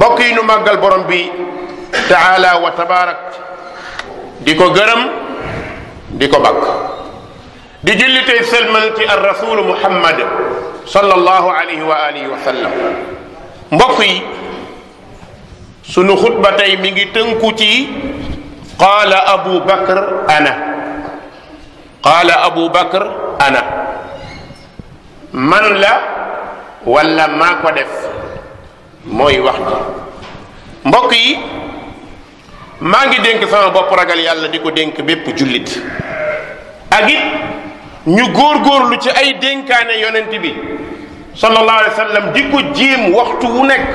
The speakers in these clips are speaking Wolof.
mbokk yi nu màggal borom bi taala wa tabaarak di ko gërëm di ko bakk di julli tey selmal ci muhammad yi sunu xutba tey mi ngi tënku ci qaala abu bakr ana qaala abu bakr ana man la wala maa ko def mooy wax ji mbokk yi maa ngi dénk sama bopp ragal yàlla di ko dénk bépp jullit ak it ñu góorlu ci ay dénkaane yonent bi sallallahu alayhi wa sallam di ko jéem waxtu wu nekk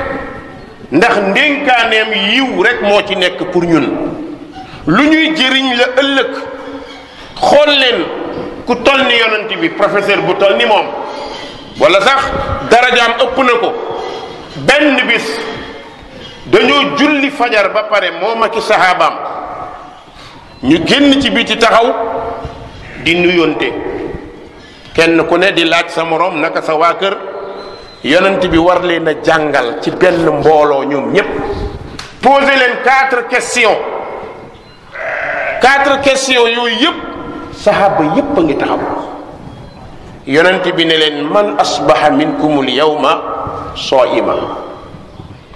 ndax dénkaaneem yiw rekk moo ci nekk pour ñun lu ñuy jëriñ la ëllëg xool leen ku toll ni yonent bi professeur bu toll ni moom walla sax darajaam ëpp na ko benn bis dañoo julli fajar ba pare moom ak i saxaabaam ñu génn ci biir ci taxaw di nuyonte kenn ku ne di laaj sa moroom naka sa waa kër yonent bi war leen a jàngal ci benn mbooloo ñoom ñépp poser leen quatre questions quatre questions yooyu yépp saxaaba yépp a ngi taxaw yonent bi ne leen man asbaha minkumul yawma soo ima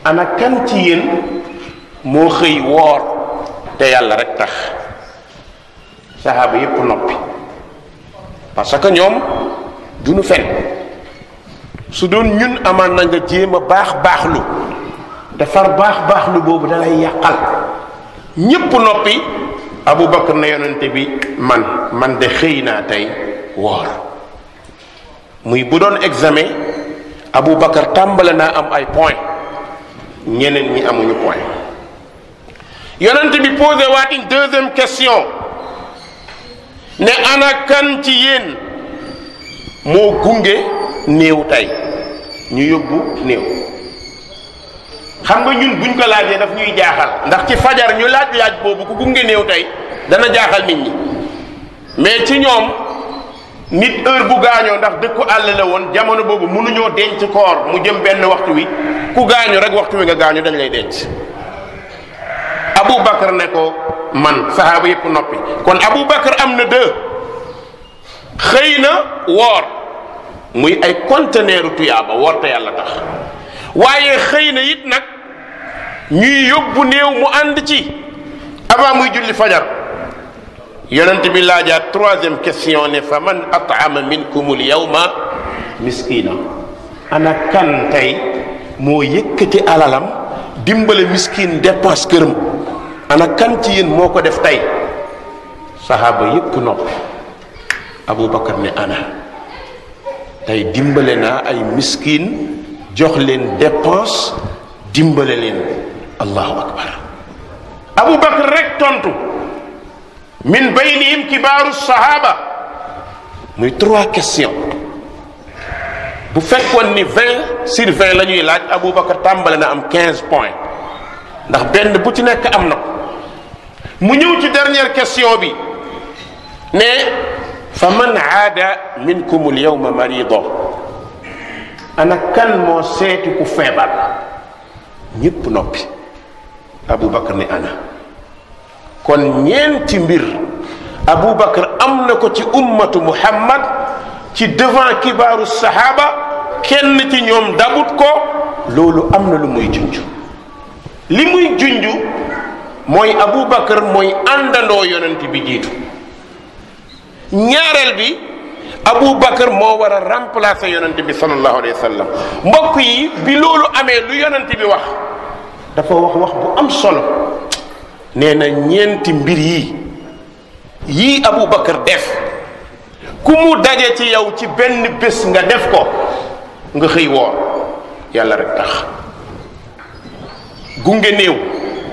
ana kan ci yéen moo xëy woor te yàlla rek tax saxaaba yépp noppi parce que ñoom du ñu fen su doon ñun amaan na nga jéem a baax lu defar baax baax lu boobu dalay yàqal ñépp noppi Abu Bakar na yonente bi man man de xëy naa tey woor muy bu doon examen Abu Bakar tàmbale naa am ay point ñeneen ñi amuñu point yonent bi posé waat une deuxième question ne ana kan ci yéen moo gunge néew tey ñu yóbbu néew xam nga ñun buñ ko laajee daf ñuy jaaxal ndax ci fajar ñu laaj laaj boobu ku gunge néew tey dana jaaxal nit ñi mais ci ñoom. nit heure bu gaañoo ndax dëkku àll la woon jamono boobu mënuñoo denc koor mu jëm benn waxtu wi ku gaañu rek waxtu wi nga gaañu dañ lay denc Abu Bakar ne ko man saxaaba yëpp noppi kon Abu Bakar am na deux xëy na woor muy ay conteneeru tuyaaba woor te yàlla tax waaye xëy na it nag ñuy yóbbu néew mu ànd ci avant muy julli fajar yonent bi laajaat troisième question ne fa man at'ama minkumul yawma miskina ana tey moo yëkkati alalam dimbale miskin dépense këram ana kan ci yéen moo ko def tey saxaaba yëpp noppi Aboubacar ne ana tey dimbale na ay miskin jox leen dépense dimbale leen allahu akbar Aboubacar rek tontu. min baynihim kibaaru sahaba muy trois questions bu fekkoon ni vingt sur vingt la ñuy laaj Aboubacar tàmbale na am quinze points ndax benn bu ci nekk am na ko mu ñëw ci dernière question bi ne fa man aada minkum al yawma marido ana kan moo seeti ku feebar ñëpp noppi Aboubacar ni ana kon ñeenti mbir Aboubacar am na ko ci ummatu Muhammad ci devant kibaaru saxaaba kenn ci ñoom dabut ko loolu am na lu muy junj li muy junj mooy Aboubacar mooy àndandoo yonent bi jiitu ñaareel bi Aboubacar moo war a remplacer yonent bi sallallahu alayhi wa mbokk yi bi loolu amee lu yonent bi wax dafa wax wax bu am solo. nee na ñeenti mbir yi yii Aboubacar def ku mu daje ci yow ci benn bés nga def ko nga xëy woon yàlla rek tax gunge néew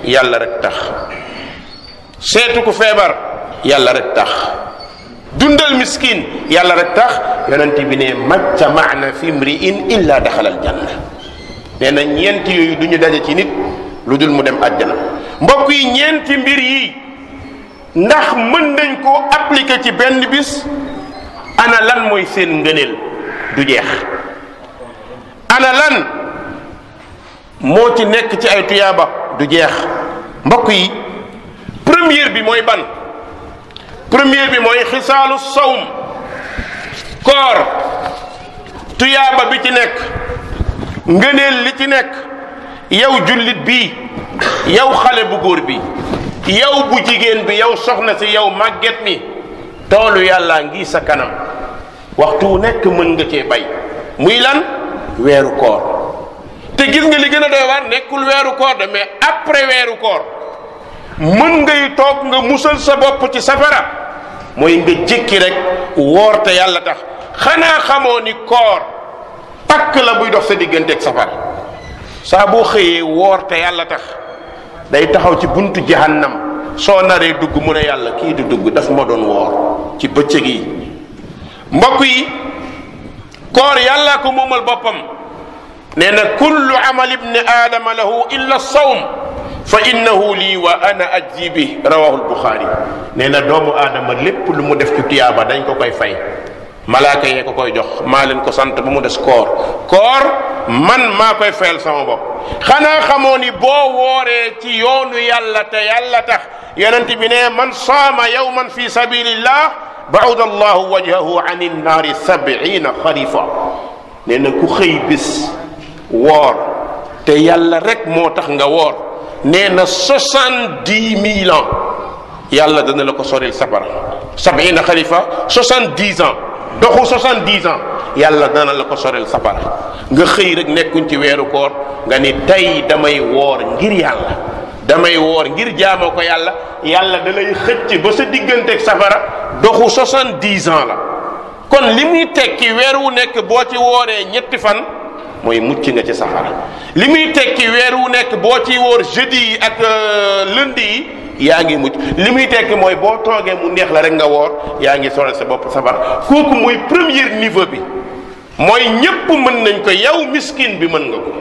yàlla rekk tax seetu ko feebar yàlla rek tax dundal miskin yàlla rek tax yonent bi ne majtamaana fi mriin illa daxalal janna nee na ñeent yooyu duñu ñu daje ci nit lu dul mu dem àjjana mbokk yi ñeenti mbir yi ndax mën nañ koo appliquer ci benn bis ana lan mooy seen ngëneel du jeex ana lan moo ci nekk ci ay tuyaaba du jeex mbokk yi premier bi mooy ban première bi mooy xisaalu sawm koor tuyaaba bi ci nekk ngëneel li ci nekk yow jullit bii yow xale bu góor bi yow bu jigéen bi yow soxna si yow màgget mi toolu yàlla ngi sa kanam waxtu wu nekk mën nga cee bay muy lan weeru koor te gis nga li gën a doy waar nekkul weeru koor de mais après weeru koor mën ngay toog nga musal sa bopp ci safara mooy nga jëkki rekk woor te yàlla tax xanaa xamoo ni koor pakk la buy dox sa diggante ak safara saa boo xëyee woor te yàlla tax day taxaw ci buntu jahannam soo naree dugg mu ne yàlla kii di dugg daf ma doon woor ci bëccëg yi mbokk yi koor yàlla ko moomal boppam nee na kullu amal ibni aadama lahu illa sawm fa innahu lii wa ana ajzi bi rawahul buxaari nee na doomu aadama lépp lu mu def ci tuyaaba dañ ko koy fay malaaka yee ko koy jox maa ko sant ba mu des koor koor man maa koy fayal sama bopp xanaa xamoo ni boo wooree ci yoonu yàlla te yàlla tax yonent bi ne man saama yawman fi sabilillah ba'ada allahu wajhahu an innaari sab'ina xarifa nee na ku xëy woor te yàlla rek moo tax nga woor nee na soixante-dix mille ans yàlla dana la ko soril sabara sab'ina xarifa soixante-dix doxu 70 ans yàlla dana la ko sorel safara nga xëy rek nekkuñ ci weeru koor nga ni tey damay woor ngir yàlla damay woor ngir jaamoo ko yàlla yàlla da lay xëcc ba sa digganteeg safara doxu 70 ans la kon li muy tekki weer wu nekk boo ci wooree ñetti fan mooy mucc nga ci safara li muy tekki weer wu nekk boo ci woor jeudi ak euh, lënd yi yaa ngi mucc li muy tekki mooy boo toogee mu neex la rek nga woor yaa ngi sonal sa bopp sabar kooku mooy premier niveau bi mooy ñépp mën nañ ko yow miskin bi mën nga ko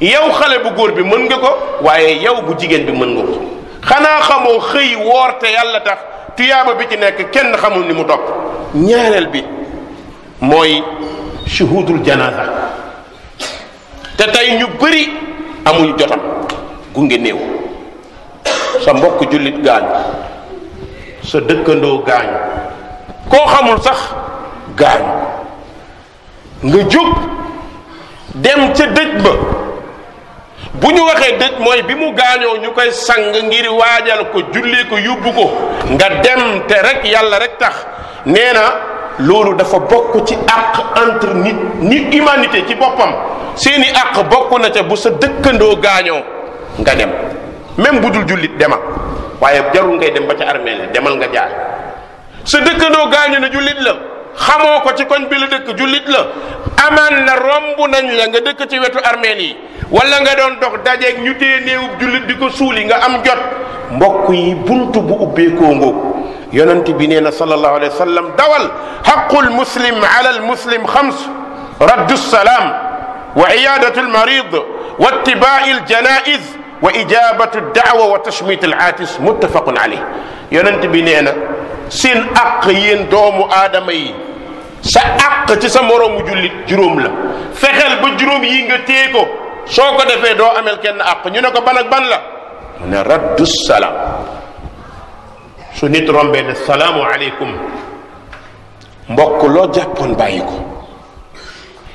yow xale bu góor bi mën nga ko waaye yow bu jigéen bi mën nga ko xanaa xamoo xëy woor te yàlla tax tuyaaba bi ci nekk kenn xamul ni mu topp ñaareel bi mooy shuhudul janaza te tey ñu bëri amuñu jotam gunge néew sa mbokk jullit gaañu sa dëkkandoo gaañu koo xamul sax gaañu nga jóg dem ca dëj ba bu ñu waxee dëj mooy bi mu gaañoo ñu koy sang ngir waajal ko jullee ko yóbbu ko nga dem te rek yàlla rekk tax nee na loolu dafa bokk ci àq entre nit nit humanité ci boppam seeni àq bokk na ca bu sa dëkkandoo gaañoo nga dem même dul jullit dema waaye jarul ngay dem ba ca armée la demal nga jaay sa dëkkandoo gaañu na jullit la xamoo ko ci koñ bi la dëkk jullit la amaan na romb nañ la nga dëkk ci wetu armeel yi wala nga doon dox dajeeg ñu téye jullit di ko suuli nga am jot mbokk yi bunt bu ubbeekoo ngoog yonent bi nee na sallallahu alayhi wa sallam dawal xaqul muslim ala al muslim xams wa iyadatu al wa ittibaai al wa ijabatu daawa wa tashmit al aatis muttafaqun alayh yonent bi nee na seen àq doomu aadama yi sa àq ci sa moroomu jullit juróom la fexeel ba juróom yi nga téye ko soo ko defee doo amel kenn àq ñu ne ko ban ban la mu ne raddu salaam su nit rombee ne salaamu aleykum mbokk loo jàppoon bàyyi ko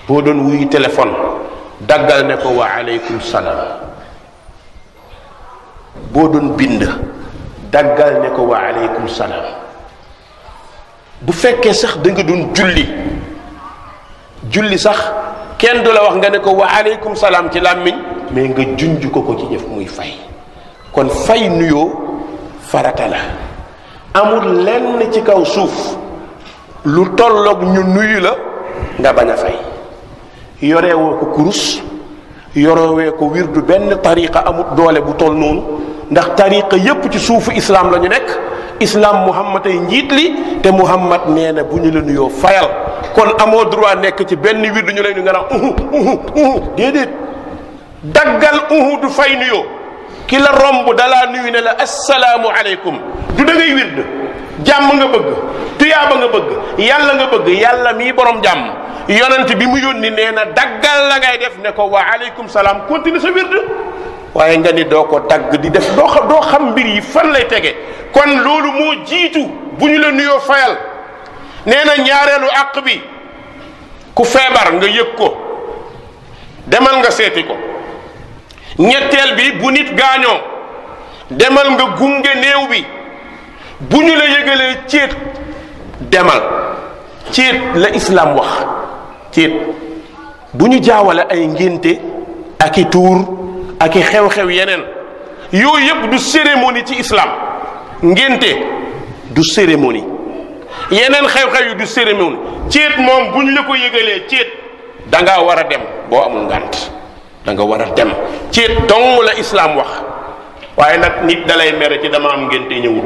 boo doon wuyu daggal ne ko wa aleykum salaam boo doon bind daggal ne ko wa aleykum salaam bu fekkee sax da nga doon julli julli sax kenn du la wax nga ne ko wa aleykum salaam ci làmmiñ mais nga junj ko ko ci jëf muy fay kon fay nuyoo farata la amul lenn ci kaw suuf lu tolloog ñu nuyu la nga bañ a fay yorewoo ko kurus yoroowee ko wirdu benn tariqa amut doole bu tool noonu ndax tariqa yépp ci suufu islaam la ñu nekk islam muhammad ay njiit li te muhammad nee na bu ñu la nuyoo fayal kon amoo droit nekk ci benn wirdu ñu lay nuyu nga naan uhu uhu uhu déedéet daggal uhu du fay nuyoo ki la romb dalaa nuyu ne la asalaamu aleykum du da wir wird jàmm nga bëgg tuyaaba nga bëgg yàlla nga bëgg yàlla mii borom jàmm yonent bi mu yónni nee na daggal la ngay def ne ko wa aleykum salaam continue sa wird waaye nga ni doo ko dagg di def doo xam doo mbir yi fan lay tege kon loolu moo jiitu bu ñu la nuyoo fayal nee na ñaareelu àq bi ku feebar nga yëg ko demal nga seeti ko ñetteel bi bu nit gaañoo demal nga gunge neew bi bu ñu la yëgalee céet demal céet la islaam wax céet bu ñu jaawale ay ngénte ak i tuur ak i xew-xew yeneen yooyu yëpp du cérémonie ci islaam ngénte du cérémonie yeneen xew-xew yi du cérémonie céet moom bu ñu la ko yëgalee céet danga war a dem boo amul ngànt danga war a dem céet dong la islaam wax waaye nag nit dalay mere ci dama am ngénte ñëwul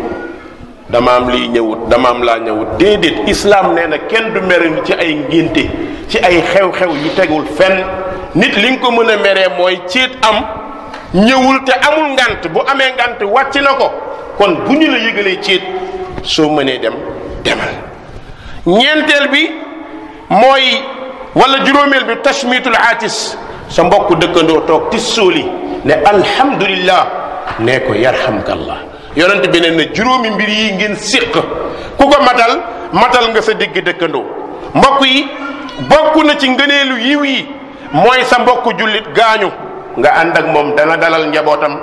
dama am lii ñëwut dama am laa ñëwut déedéet islaam nee na kenn du mere ci ay ngénte ci ay xew-xew yu tegul fenn nit li nga ko mën a meree mooy ciit am ñëwul te amul ngant bu amee ngant wàcc na ko kon bu ñu la yëgalee ciit soo mënee dem demal ñeenteel bi mooy wala juróomeel bi tashmitul aatis sa mbokk dëkkandoo toog tis suuli ne alhamdulillah nee ko yarhamkallah yonent bi ne na juróomi mbir yi ngeen siq ku ko matal matal nga sa digg dëkkandoo mbokk yi bokk na ci ngëneelu yiw yi mooy sa mbokku jullit gaañu nga ànd ak moom dana dalal njabootam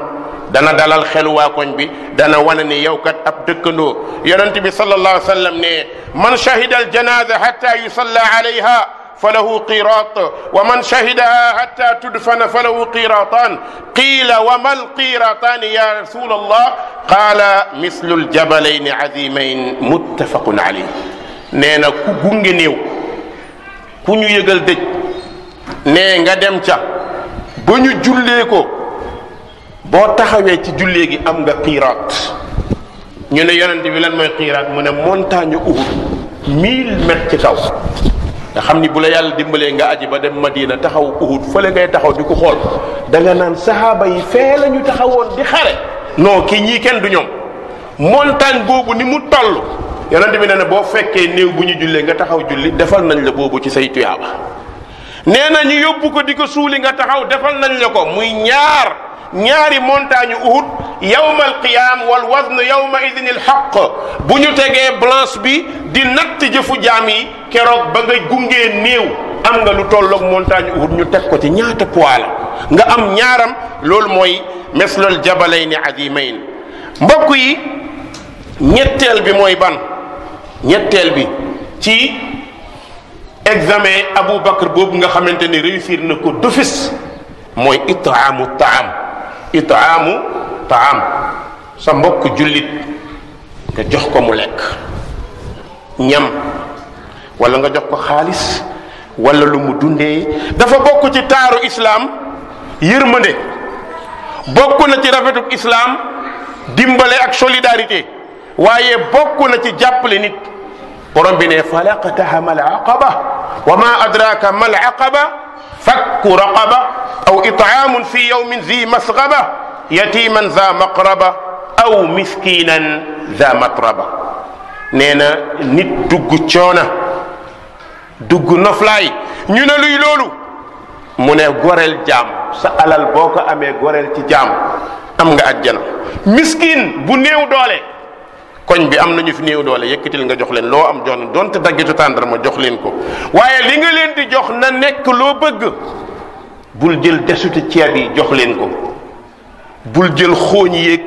dana dalal xelu waa bi dana wane ne yow kat ab dëkkandoo yonent bi sallallahu alayhi wa sallam ne man shahida al janaza hatta yusalla alayha فله قيراط ومن شهدها حتى تدفن فله قيراطان قيل وما القيراطان يا رسول الله قال مثل الجبلين عظيمين متفق عليه nee na ku gunge néew ku ñu yëgal dëj nee nga dem ca ba ñu jullee ko boo taxawee ci jullee gi am nga qiiraat ñu ne yonent bi lan mooy qiiraat mu ne montagne Uhud mille mètres ci kaw nga xam ni bu la yàlla dimbalee nga aji ba dem ma Madina taxaw Uhud fële ngay taxaw di ko xool da nga naan saxaaba yi fee la ñu taxawoon di xare noo kii ñii kenn du ñoom montagne boobu ni mu toll yonent bi nee na boo fekkee néew bu ñu jullee nga taxaw julli defal nañ la boobu ci say tuyaaba nee na ñu yóbbu ko di ko suuli nga taxaw defal nañ la ko muy ñaar ñaari montagne Uhud yawma alqiyaam wal waznu yawma idin alxaq bu ñu tegee balance bi di natt jëfu jaam yi keroog ba nga gungee néew am nga lu tolloog montagne Uhud ñu teg ko ci ñaata poids nga am ñaaram loolu mooy meslal jabalayni adimayn mbokk yi ñetteel bi mooy ban ñetteel bi ci examen Abu Bakr boobu nga xamante ne réussir na ko d'office mooy itaamu taam itaamu taam mbokk jullit jox ko mu lekk wala nga jox ko xaalis wala lu mu dafa bokk ci taaru islaam yërmande bokk na ci rafetub islaam dimbale ak solidarité waaye bokk na ci jàppale nit borom bi ne falaqataha mal aqaba wa ma adraka aqaba fakku raqaba aw itaamun fi yawmin zi masgaba yatiman za maqraba aw miskinan za matraba nee na nit dugg coona dugg noflaay ñu ne luy loolu mu ne goreel jaam sa alal boo ko amee goreel ci jaam am nga ajjana miskin bu néew doole koñ bi am nañu fi néew doole yëkkatil nga jox leen loo am jox leen donte daggitu ma jox leen ko waaye li nga leen di jox na nekk loo bëgg bul jël desuti ceeb yi jox leen ko bul jël xooñ yéeg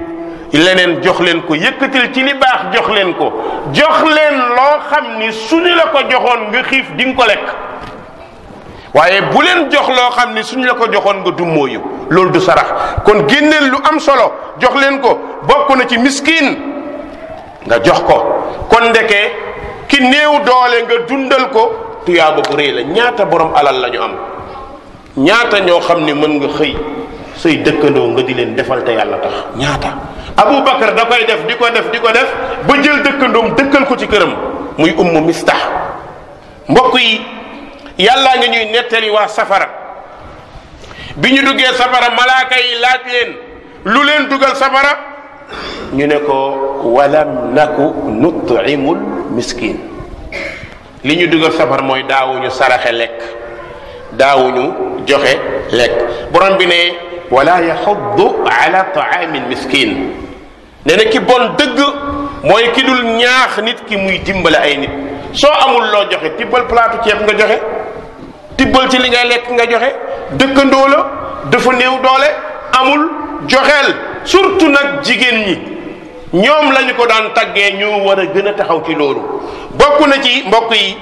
leneen jox leen ko yëkkatil ci li baax jox leen ko jox leen loo xam ni suñu la ko joxoon nga xiif di ko lekk waaye bu leen jox loo xam ni suñu la ko joxoon nga dummóoyu loolu du sarax kon génneel lu am solo jox leen ko bokk na ci miskin nga jox ko kon ndeke ki néew doole nga dundal ko tuyaaba bu rëy la ñaata borom alal la ñu am ñaata ñoo xam ni mën nga xëy say dëkkandoo nga di leen defal te yàlla tax ñaata Abu Bakar da koy def di ko def di ko def ba jël dëkkandoom dëkkal ko ci këram muy ummu mistax mbokk yi yàlla nga ñuy nettali waa safara bi ñu duggee safara malaaka yi laaj leen lu leen dugal safara ñu ne ko walam naku nutimul miskin li ñu dugal safara mooy daawuñu saraxe lekk daawuñu joxe lekk borom bi ne wala yaxuddu ala taamin miskin nee na ki bon dëgg mooy ki ñaax nit ki muy dimbale ay nit soo amul loo joxe tibbal plaatu ceeb nga joxe tibbal ci li nga lekk nga joxe dëkkandoo la dafa néew doole amul joxeel surtout nag jigéen ñi ñoom lañu ko daan taggee ñu war a gën a taxaw ci loolu bokk na ci mbokk yi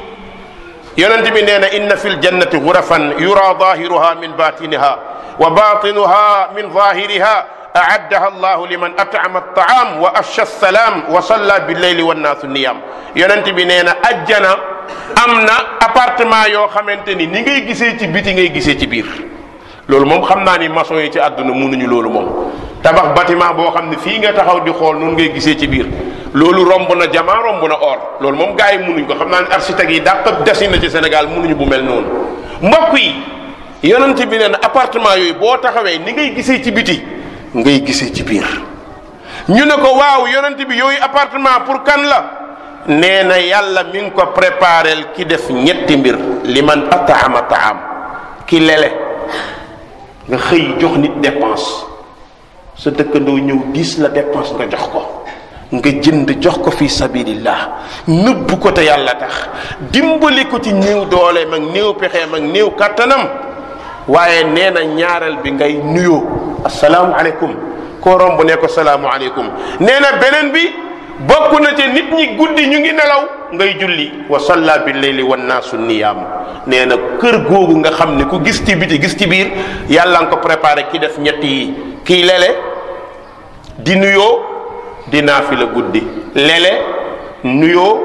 yonent bi nee na inna fil jannati ghurafan yura zahiruha min batiniha wa baatinuha min zahiriha aaddaha allahu liman at'ama at-ta'am wa afsha as-salam wa salla bil-layli wan-naasu niyaam yonent bi nee na ajjana am na appartement yoo xamante ni ni ngay gisee ci biti ngay gisee ci biir loolu moom xam naa ni maçon yi ci àdduna mënuñu loolu moom tabax bâtiment boo xam ne fii nga taxaw di xool noonu ngay gisee ci biir loolu romb na jama romb na or loolu moom gars yi mënuñ ko xam naa ne architecte yi dàq desi na ci Sénégal mënuñu bu mel noonu mbokk yi yonent bi nee na yooyu boo taxawee ni ngay gisee ci biti ngay gisee ci biir ñu ne ko waaw yonent bi yooyu apartement pour kan la nee na yàlla mi ngi ko préparel ki def ñetti mbir li man ataama am ki lele nga xëy jox nit dépense sa dëkkandoo ñëw diis la dépense nga jox ko nga jënd jox ko fii sabilillah nëbb ko te yàlla tax dimbali ko ci néew dooleem ak néew pexeem ak néew kàttanam waaye nee na ñaareel bi ngay nuyoo asalaamualeykum koo romb ne ko salaamualeykum nee na beneen bi bokk na ca nit ñi guddi ñu ngi nelaw ngay julli wa salla bi leyli wan naasu niyaam nee na kër googu nga xam ne ku gis ci biti gis ci biir yàlla nga ko prépare ki def ñett yi kii lele di nuyoo di naafila guddi lele nuyoo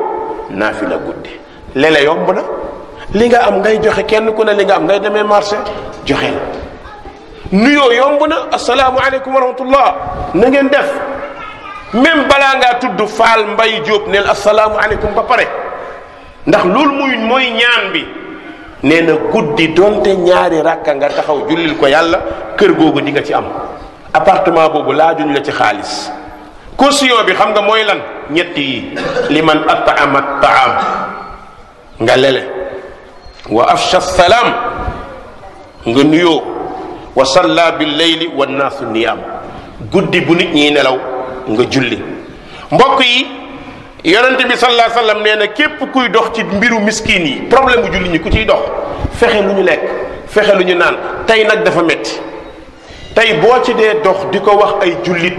naafila guddi lele yomb na. li nga am ngay joxe kenn ku ne li nga am ngay demee marché joxe nuyoo yomb na asalaamualeykum wa rahmatullah na ngeen def même balaa ngaa tudd faal mbay jóob neel asalaamualeykum ba pare ndax loolu muy mooy ñaan bi nee na guddi donte ñaari rakka nga taxaw jullil ko yàlla kër googu di nga ci am apartement boobu laa laajuñ la ci xaalis caution bi xam nga mooy lan ñetti yi li man at'ama ta'am nga lele wa afsha salaam nga nuyoo wa salla bil layli wa naasu niyaam guddi bu nit ñiy nelaw nga julli mbokk yi yonent bi sallallahu alayhi nee na képp kuy dox ci mbiru miskin yi problème bu julli ñi ku ciy dox fexe lu ñu lekk fexe lu ñu naan tey nag dafa metti tey boo ci dee dox di ko wax ay jullit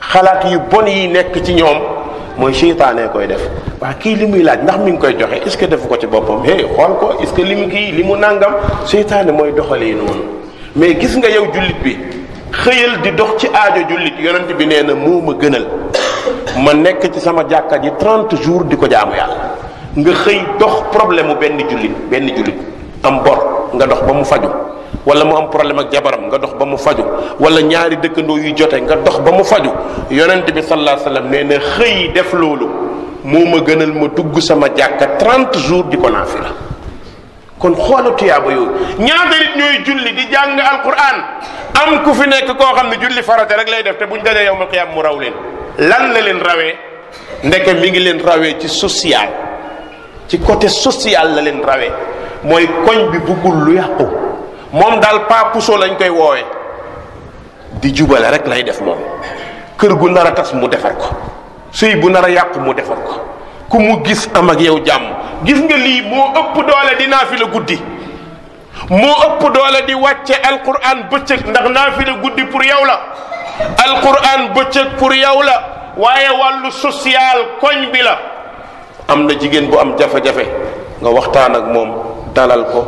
xalaat yu bon yi nekk ci ñoom mooy seytaane koy def waa kii li muy laaj ndax mi ngi koy joxe est ce que defu ko ci boppam hey xool ko est ce que li mu kii li mu nàngam seytaane mooy doxalee noonu mais gis nga yow jullit bi xëyal di dox ci aajo jullit yonent bi nee na moo ma gënal ma nekk ci sama jàkka ji 30 jours di ko jaamu yàlla nga xëy dox problème mu benn jullit benn jullit. am bor nga dox ba mu faju wala mu am problème ak jabaram nga dox ba mu faju wala ñaari dëkkandoo yu jote nga dox ba mu faju yonent bi sallallahu alayhi wasallam nee na xëy def loolu moo ma gënal ma dugg sama jàkka 30 jours di ko naafila kon xoola tuyaaba yooyu ñaata nit ñooy julli di jàng alquran am ku fi nekk koo xam ne julli farata rek lay def te buñ dajee yowmal qiyaam mu raw leen lan la leen rawee ndekk mi ngi leen rawee ci social ci côté social la leen mooy koñ bi buggul lu yàqu moom daal pa puso lañ koy woowee di jubale rek lay def moom kër gu nar a tas mu defar ko sëy bu nar a yàqu mu defar ko ku mu gis am ak yow jàmm gis nga lii moo ëpp doole di naafila guddi moo ëpp doole di wàcce alquran bëccëg ndax naafila guddi pour yow la alquran bëccëg pour yow la waaye wàllu social koñ bi la am na jigéen bu am jafe-jafe nga waxtaan ak moom dalal ko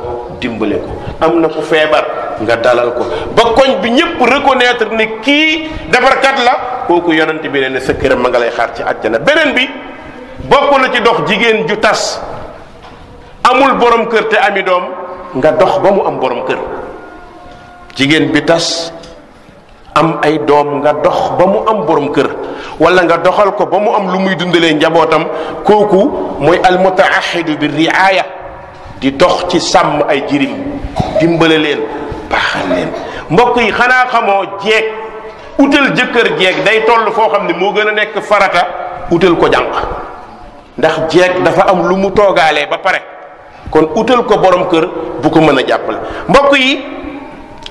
dimbale ko am na ku feebar nga dalal ko ba koñ bi ñëpp reconnaître ne kii defarkat la kooku yonent bi ne ne sa këram ma nga lay xaar ci àjjana beneen bi bokk na ci dox jigéen ju tas amul borom kër te ami doom nga dox ba mu am borom kër jigéen bi tas am ay doom nga dox ba mu am borom kër walla nga doxal ko ba mu am lu muy dundalee njabootam kooku mooy almutaaxidu bi riaya di dox ci sàmm ay jirim dimbale leen baaxal leen mbokk yi xanaa xamoo jeeg utal jëkkër jeeg day toll foo xam ne moo gën a nekk farata utal ko jànq ndax jeeg dafa am lu mu toogaalee ba pare kon utal ko borom kër bu ko mën a jàppale mbokk yi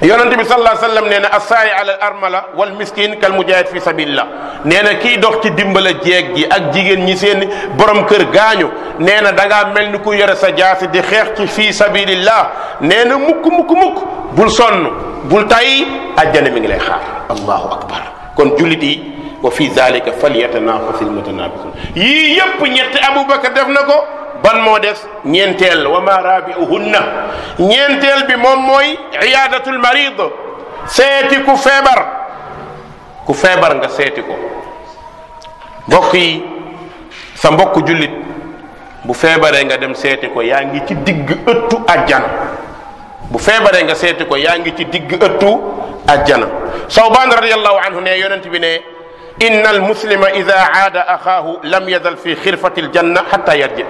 yonent bi sallallahu alayhi wasallam nee na assaay ala armala wal miskin kal mujahid fi sabilillah nee na kiy dox ci dimbala jeeg gi ak jigéen ñi seen borom kër gaañu nee na da mel ni ku yore sa jaasi di xeex ci fi sabilillah nee na mukk mukk mukk bul sonn bul tayyi àjjana mi ngi lay xaar allahu akbar kon jullit yi wa fi zalika falyatanaafasil mutanafisun yii yëpp ñetti abubakar def na ko ban moo des ñeenteel wa ma rabiuhunna ñeenteel bi moom mooy iyaadatul marid seeti ku feebar ku feebar nga seeti ko mbokk yi sa mbokk jullit bu feebaree nga dem seeti ko yaa ngi ci digg ëttu ajjana bu feebaree nga seeti ko yaa ngi ci digg ëttu ajjana sawbaan radiallahu anhu ne yonent bi ne inna al muslima ida aada axaahu lam yazal fi xirfati aljanna xata yarji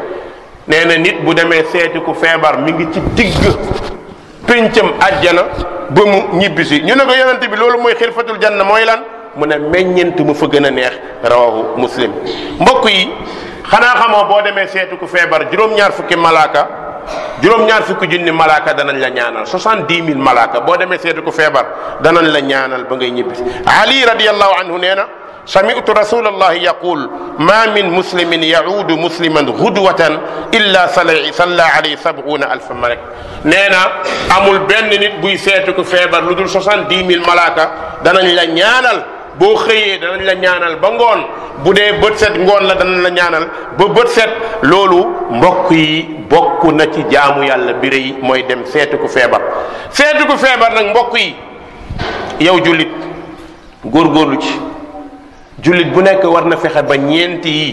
nee na nit bu demee seeti ku feebar mu ngi ci digg péncam àjjana ba mu ñibbisi ñu ne ko yonente bi loolu mooy xirfatul janna mooy lan mu ne meññent mu fa gën a neex rawahu muslim mbokk yi xanaa xamoo boo demee seeti ku feebar juróom-ñaar fukki malaaka juróom-ñaar fukki junni malaaka danañ la ñaanal soixante-dix mille malaaka boo demee seeti ku feebar danañ la ñaanal ba ngay ñibbisi ali radiallahu anhu nee sami'tu rasulallahi yaqul ma min muslimin yaudu musliman gudwatan illa sala salla alayhi sab'una alfa malak nee na amul benn nit buy seetu ku feebar lu dul soixante-dix mille malaaka danañ la ñaanal boo xëyee danañ la ñaanal ba ngoon bu dee bët set ngoon la danañ la ñaanal ba bët set loolu mbokk yi bokk na ci jaamu yàlla bi rëy mooy dem seetu ku feebar seetu ku feebar nag mbokk yi yow jullit góorgóorlu ci jullit bu nekk war na fexe ba ñeenti yi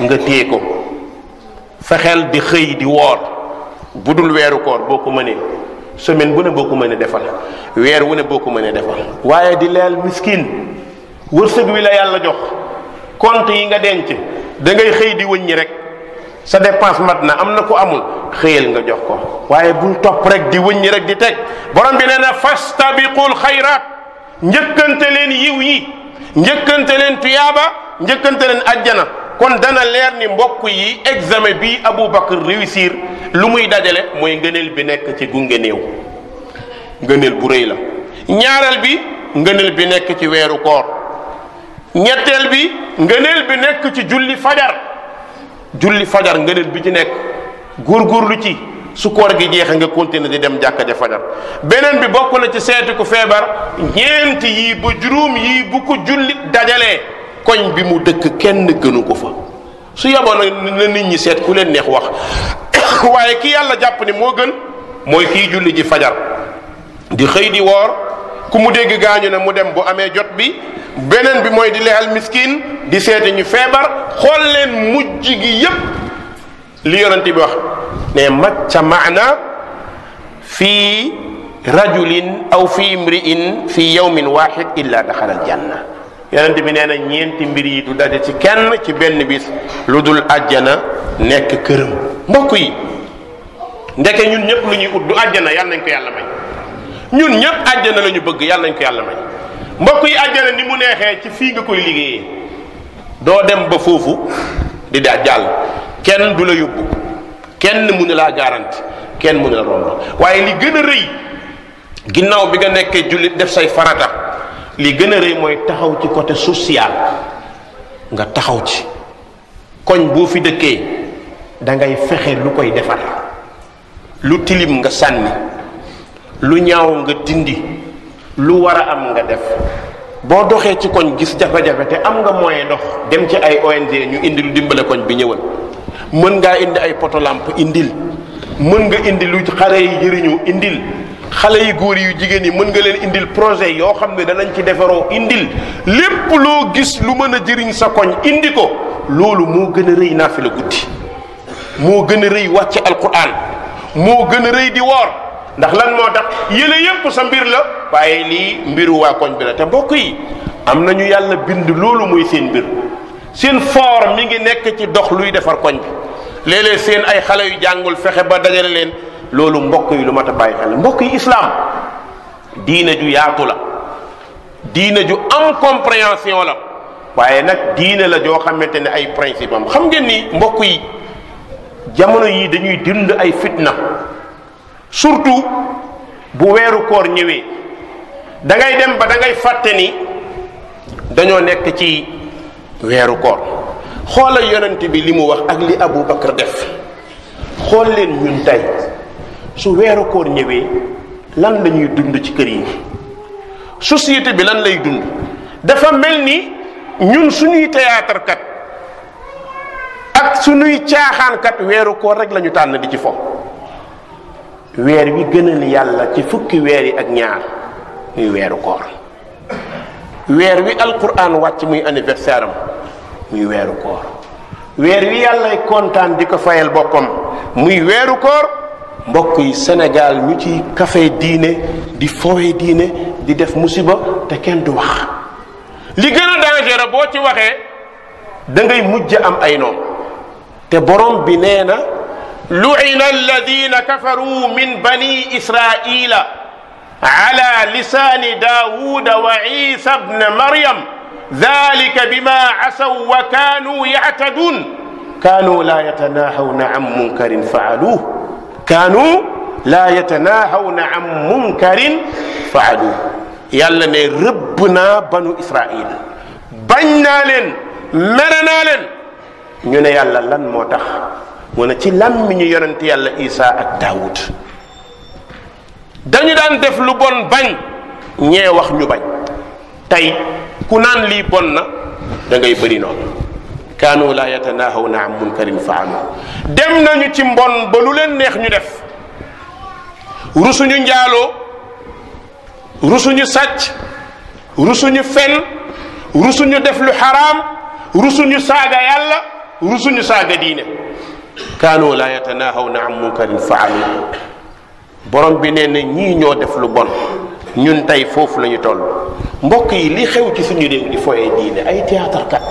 nga téye ko fexeel di xëy di woor bu dul weeru koor boo ko mënee semaine bu ne boo ko mënee defal weer wu ne boo ko mënee defal waaye di leel miskin wërsëg wi la yàlla jox kont yi nga denc da ngay xëy di wëññi rek sa dépense mat na am na ko amul xëyal nga jox ko waaye bul topp rek di wëññi rek di teg borom bi nee na fastabiqul xayraat njëkkante leen yiw yi njëkkante leen tuyaaba njëkkante leen ajjana kon dana leer ni mbokk yi examen abu Aboubacar réussir lu muy dajale mooy ngëneel bi nekk ci gunge néew ngëneel bu rëy la ñaareel bi ngëneel bi nekk ci weeru koor ñetteel bi ngëneel bi nekk ci julli fajar julli fajar ngëneel bi ci nekk góorgóorlu ci su koor gi jeexee nga continuer di dem jàkka ja fajar beneen bi bokk na ci seeti ku feebar ñeent yii ba juróom yii bu ko julli dajalee koñ bi mu dëkk kenn gënu ko fa su yeboon na nit ñi seet ku leen neex wax waaye ki yàlla jàpp ni moo gën mooy kii julli ji fajar di xëy di woor ku mu dégg gaañu ne mu dem bu amee jot bi beneen bi mooy di leexal miskin di seeti ñu feebar xool leen mujj gi yépp li yonent bi wax ne mat ca maana fii rajulin aw fi imriin fi yawmin waxid illa daxala aljanna yonent bi nee na ñeenti mbir yi du daje ci kenn ci benn bis lu dul àjjana nekk këram mbokk yi ndeke ñun ñëpp lu ñuy ut du àjjana yàlla nañ ko yàlla may ñun ñëpp àjjana la ñu bëgg yàlla nañ ko yàlla may mbokk yi àjjana ni mu neexee ci fii nga koy liggéeyee doo dem ba foofu di daa jàll kenn du la yóbbu kenn mënu laa garanti kenn mënu la romb waaye li gën a rëy ginnaaw bi nga nekkee jullit def say farata li gën a rëy mooy taxaw ci côté social nga taxaw ci koñ boo fi dëkkee da ngay fexe lu koy defar lu tilim nga sànni lu ñaaw nga dindi lu war a am nga def boo doxee ci koñ gis jafe-jafe te am nga moyen dox dem ci ay ONG ñu indi lu dimbale koñ bi ñëwal mën ngaa indi ay poto làmp indil mën nga indi lu xare yi jëriñu indil xale yi góor yu jigéen yi mën nga leen indil projet yoo xam ne danañ ci defaroo indil lépp loo gis lu mën a jëriñ sa koñ indi ko loolu moo gën a rëy naafila guddi moo gën a rëy wàcce alquran moo gën a rëy di woor ndax lan moo tax yële yépp sa mbir la waaye lii mbiru waa koñ bi la te mbokk yi am nañu yàlla bind loolu muy seen mbir seen foor mi ngi nekk ci dox luy defar koñ bi léeg-léeg seen ay xale yu jàngul fexe ba dajale leen loolu mbokk yi lu mat a bàyyi xel mbokk yi islaam diina ju yaatu la diina ju am compréhension la waaye nag diine la joo xamante ne ay principe am xam ngeen nii mbokk yi jamono yii dañuy dund ay fitna surtout bu weeru koor ñëwee dangay dem ba dangay ngay fàtte ni dañoo nekk ci weeru koor xoolal yonante bi li mu wax ak li Abu Bakar def xool leen ñun tey su weeru koor ñëwee lan lañuy dund ci kër yi société bi lan lay dund dafa mel ni ñun suñuy théâtre kat ak suñuy caaxaankat weeru koor rek lañu tànn di ci fo weer wi gënal yàlla ci fukki weer yi ak ñaar muy weeru koor weer wi alquran wàcc muy anniversaire am muy weeru koor weer wi yàllay kontaan di ko fayal boppam muy weeru koor mbokk yi Sénégal ñu ci kafe diine di fowe diine di def musiba te kenn du wax li gëna a boo ci waxee da ngay mujj am ay noom te borom bi nee na lu'ina alladina kafaru min bani israila ala lisaani daawuda wa isa bna maryam dalika bima asaw wa kaanu yactaduun kaanu laa yatanahawna an munkarin faaluuh kaanu laa yatanahawna an munkarin faaluuh yàlla ne rëbb naa banu israil bañ naa leen mere naa leen ñu ne yàlla lan moo tax mu ne ci làmmiñu yonent yàlla isa ak daawud dañu daan def lu bon bañ ñee wax ñu bañ tey ku naan lii bon na da ngay bëri noonu kaanu laa yatanahawna an munkarin faalu dem nañu ci mbon ba lu leen neex ñu def rusuñu njaaloo rusuñu sàcc rusuñu fen ñu def lu xaraam rusuñu saaga yàlla rusuñu saaga diine kaanu laa yatanahawna am munkarin faalu borom bi nee na ñii ñoo def lu bon ñun tey foofu lañu ñu toll mbokk yi li xew ci suñu réew di foyee diine ay théâtre kat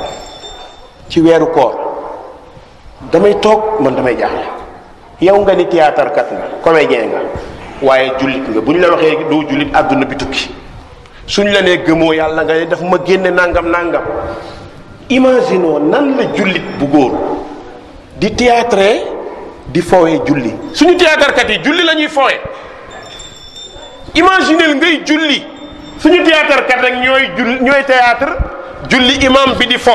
ci weeru koor damay toog man damay jaaxle yow nga ni théâtre kat nga comédien nga waaye jullit nga bu ñu la waxee doo jullit àdduna bi tukki suñ la nee gëmoo yàlla nga ne daf ma génne nangam nangam imaginons nan la jullit bu góor di théâtre di fowee julli suñu théâtrekat yi julli la ñuy fowee imaginel ngay julli suñu théâtrekat rek ñooy jull ñooy théâtre julli imam bi di fo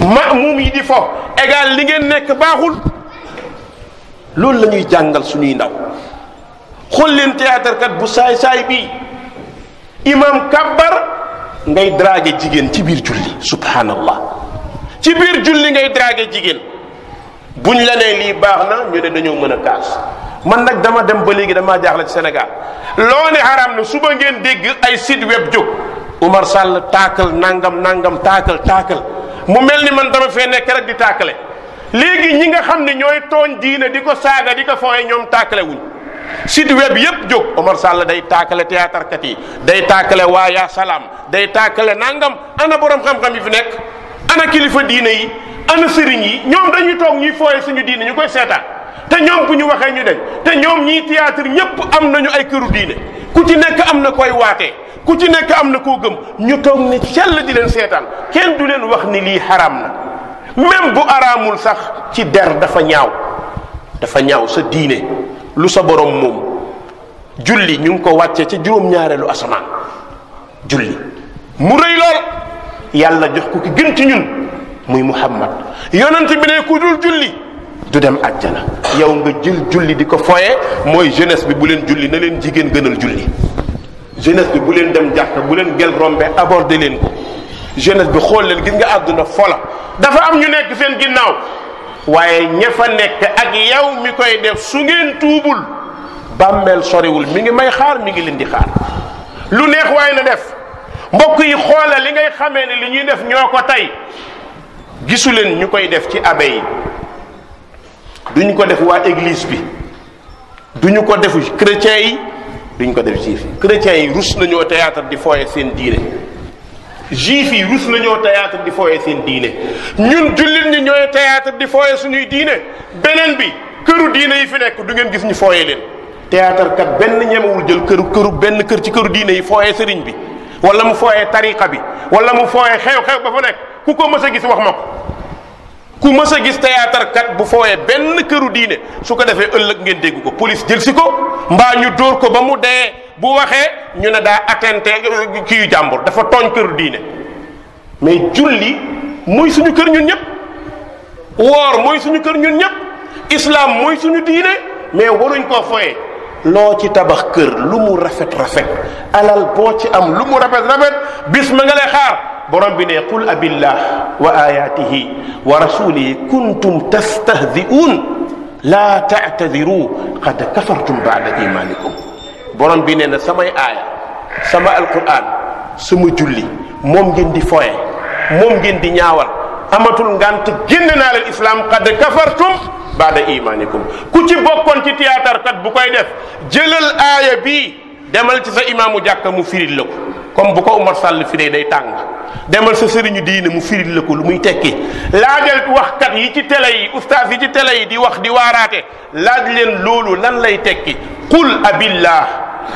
maamum yi di fo égal li ngeen nekk baaxul loolu lañuy jàngal suñuy ndaw xool leen théâtrekat bu saay-saay bii imam kabbar ngay draguer jigéen ci biir julli subhanallah ci biir julli ngay draguer jigéen buñ la nee lii baax na ñu ne dañoo mën a kaas man nag dama dem ba léegi damaa jaaxle ci Sénégal loo ne xaraam na suba ngeen dégg ay site web jóg Umar Sall taakal nangam nangam taakal taakal mu mel ni man dama fee nekk rek di taakale léegi ñi nga xam ne ñooy tooñ diine di ko saaga di ko fooye ñoom taakale wuñ site web yëpp jóg Omar sàll day taakale théâtre kat yi day taakale waa yaa salaam day taakale nangam ana borom xam-xam yi fi nekk ana kilifa diine yi. ana sëriñ yi ñoom dañuy toog ñuy fooye suñu diine ñu koy seetaan te ñoom bu ñu waxee ñu deñ te ñoom ñii théâtre ñëpp am nañu ay këru diine ku ci nekk am na koy waatee ku ci nekk am na koo gëm ñu toog ni cell di leen seetaan kenn du leen wax ni lii xaraam na même bu araamul sax ci der dafa ñaaw dafa ñaaw sa diine lu sa borom moom julli ñu ngi ko wàccee ca juróom-ñaareelu asamaan julli mu rëy lool yàlla jox ko ki gën ci ñun muy muhammad yonent bi ne ku dul julli du dem àjjana yow nga jël julli di ko foye mooy jeunesse bi bu leen julli na leen jigéen gënal julli jeunesse bi bu leen dem jàkka bu leen gel rombe abordé leen ko jeunesse bi xool leen gis nga àdduna fola dafa am ñu nekk seen ginnaaw waaye ña nekk ak yow mi koy def su ngeen tuubul bàmmeel soriwul mi ngi may xaar mi ngi leen di xaar lu neex waaye na def mbokk yi xoola li ngay xamee ne li ñuy def ñoo ko tey gisu leen ñu koy def ci abe yi duñu ko def waa église bi duñu ko defu chrétiens yi duñ ko def juif yi chrétiens yi rus nañoo théâtre di fooye seen diine juif yi rus nañoo théâtre di fooye seen diine ñun jullit ñi ñooy théâtre di fooye suñuy diine beneen bi këru diine yi fi nekk du ngeen gis ñu fooye leen théâtre kat benn ñemewul jël këru këru benn kër ci këru diine yi fooye sëriñ bi wala mu fooye tariqa bi wala mu fooye xew-xew ba fa nekk ku ko mës a gis wax ma ko ku mës a gis théâtre kat bu fooyee benn këru diine su ko defee ëllëg ngeen dégg ko police jël si ko mbaa ñu dóor ko ba mu dee bu waxee ñu ne daa atteinte kii jàmbur dafa tooñ këru diine mais julli muy suñu kër ñun ñëpp woor mooy suñu kër ñun ñëpp islaam mooy suñu diine mais waruñ koo fooyee loo ci tabax kër lu mu rafet rafet alal boo ci am lu mu rafet rafet bis ma nga lay xaar. borom bi ne qul abillah wa ayatihi wa rasulihi kuntum tastahzi'un laa taatadiru qad kafartum baada imanikum borom bi ne na samay aaya sama alquran sama julli moom ngeen di foye moom ngeen di ñaawal amatul ngant génn naa leen islam qad kafartum baada imanikum ku ci bokkoon ci théâtre kat koy def jëlal aaya bi demal ci sa imaamu jàkka mu firil la comme bu ko Umar Sall firee day tàng demal sa sëriñu diine mu firil la ko lu muy tekki laajal waxkat yi ci télé yi ustaas yi ci télé yi di wax di waaraate laaj leen loolu lan lay tekki qul abillah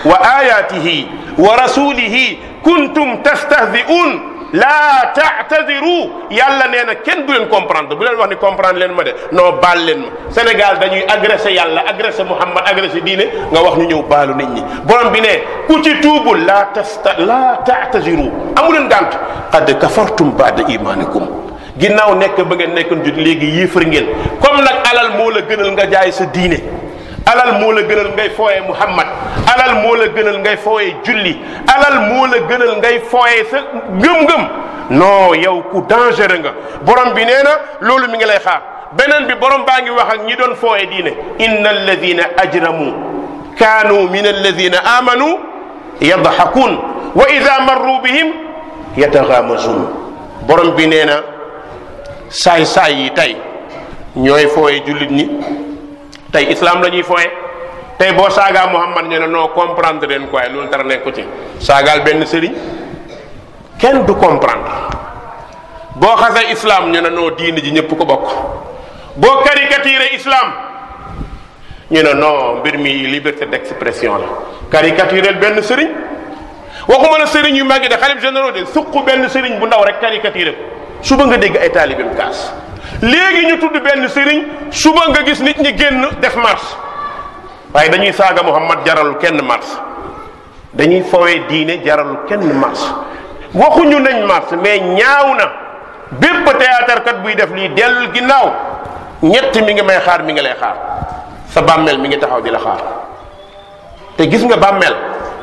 wa ayatihi wa rasulihi kuntum tastahzi'un laa taatadiru yàlla nee na kenn bu leen comprendre bu leen wax ni comprendre leen ma de non baal leen ma Sénégal dañuy agressé yàlla agressé Muhammad agressé diine nga wax ñu ñëw baalu nit ñi borom bi ne ku ci tuubul laa tasta laa taatadiru amu leen gànt qad kafartum baada imanikum ginnaaw nekk ba ngeen nekkoon jut léegi yéefar ngeen comme nag alal moo la gënal nga jaay sa diine alal moo la gënal ngay fooyee Muhammad alal moo la gënal ngay fooyee julli alal moo la gënal ngay fooyee sa ngëm-ngëm non yow ku dangereux nga borom bi nee na loolu mi ngi lay xaar beneen bi borom baa ngi wax ak ñi doon fooyee diina inna alladina ajramu kaanu min alladina amanu yadxakun wa ida marru bihim yataxaamasun borom bi nee na saay saay yi tey ñooy fooyee jullit ñi tey tey boo saaga Muhammad ñu ne noo comprendre leen quoi loolu dara nekku ci saagaal benn sëriñ kenn du comprendre boo xasee islaam ñu ne non diine ji ñëpp ko bokk boo caricature islaam ñu ne noo mbir mi liberté d'expression la caricaturel benn sëriñ waxuma la sëriñ yu màggi de xalif généraux suq benn sëriñ bu ndaw rek caricature ko suba nga dégg ay taalibeem kaas léegi ñu tudd benn sëriñ suba nga gis nit ñi génn def marche waaye dañuy saaga Muhammad jaralu kenn mars dañuy fowee diine jaralul kenn mars waxuñu nañ mars mais ñaaw na bépp théâtre kat buy def lii dellu ginnaaw ñett mi ngi may xaar mi ngi lay xaar sa bàmmeel mi ngi taxaw di la xaar te gis nga bàmmeel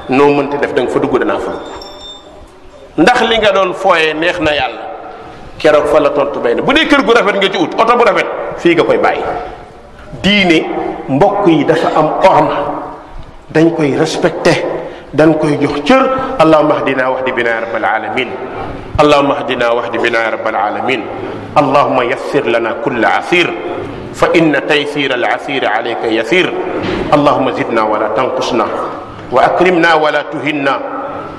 noo mënti def da fa dugg danaa fa dugg ndax li nga doon fooyee neex na yàlla keroog fa la tontu bay na bu dee kër gu rafet nga ci ut oto bu rafet fii nga koy bàyyi diine mbokk yi dafa am orma dañ koy respecté dañ koy jox cër allahuma ahdina wahdi bina ya rabbal alamin allahuma ahdina wahdi bina ya rabbal alamin allahuma yassir lana kulla asir fa inna taysir al asir alayka yasir allahuma zidna wala tanqusna wa akrimna wala tuhinna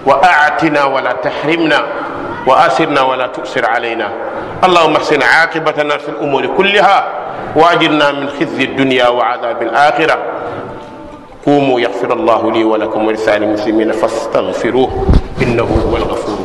wa aatina wala tahrimna وآسرنا ولا تؤسر علينا اللهم احسن عاقبتنا في الأمور كلها وأجرنا من خزي الدنيا وعذاب الآخرة قوموا يغفر الله لي ولكم ولسائر المسلمين فاستغفروه إنه هو الغفور